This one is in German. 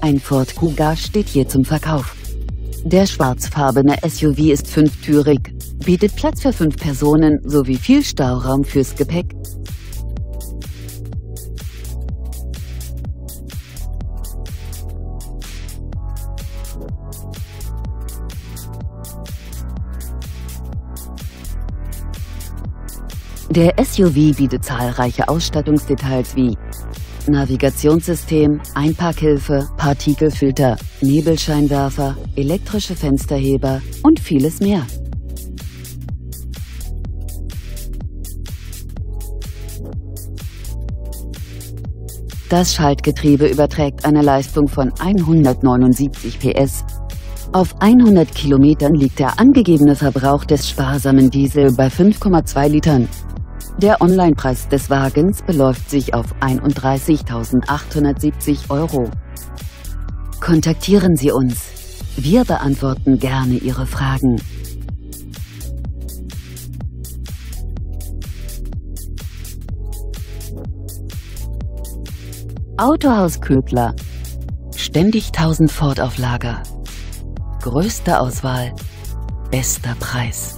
Ein Ford Kuga steht hier zum Verkauf. Der schwarzfarbene SUV ist fünftürig, bietet Platz für fünf Personen sowie viel Stauraum fürs Gepäck. Der SUV bietet zahlreiche Ausstattungsdetails wie Navigationssystem, Einparkhilfe, Partikelfilter, Nebelscheinwerfer, elektrische Fensterheber und vieles mehr. Das Schaltgetriebe überträgt eine Leistung von 179 PS. Auf 100 Kilometern liegt der angegebene Verbrauch des sparsamen Diesel bei 5,2 Litern. Der Onlinepreis des Wagens beläuft sich auf 31.870 Euro. Kontaktieren Sie uns. Wir beantworten gerne Ihre Fragen. Autohaus Ködler. Ständig 1000 Ford auf Lager. Größte Auswahl, bester Preis.